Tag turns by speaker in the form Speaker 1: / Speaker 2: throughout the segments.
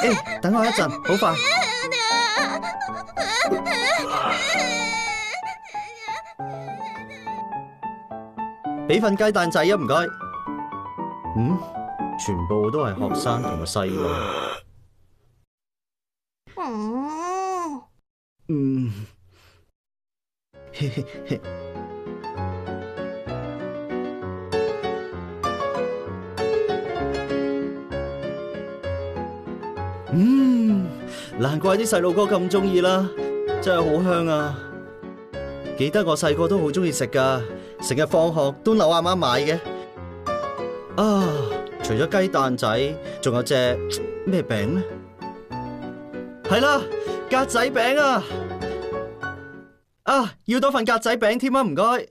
Speaker 1: 欸、等我一陣，好快。俾份雞蛋仔啊，唔該。嗯，全部都係學生同埋細路。嗯，嗯 嗯，難怪啲細路哥咁中意啦，真係好香啊！記得我細個都好中意食㗎，成日放學都留阿媽買嘅。啊，除咗雞蛋仔，仲有隻咩餅咧？係啦、啊，格仔餅啊！啊，要多份格仔餅添啊，唔該。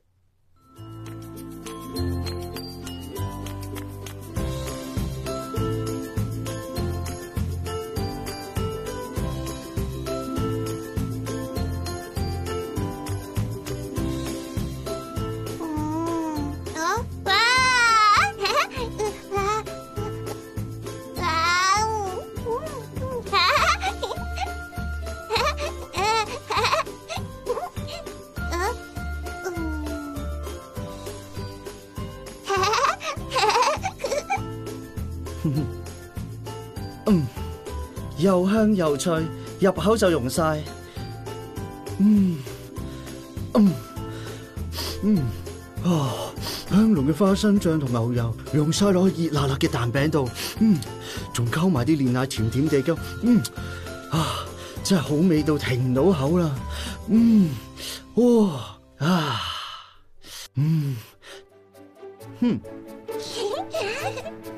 Speaker 1: 嗯，嗯，又香又脆，入口就溶晒。嗯，嗯，嗯，哇、啊，香濃嘅花生醬同牛油溶晒落去熱辣辣嘅蛋餅度，嗯，仲溝埋啲煉奶甜甜地咁，嗯，啊，真係好味到停唔到口啦，嗯，哇，啊，嗯，哼、嗯。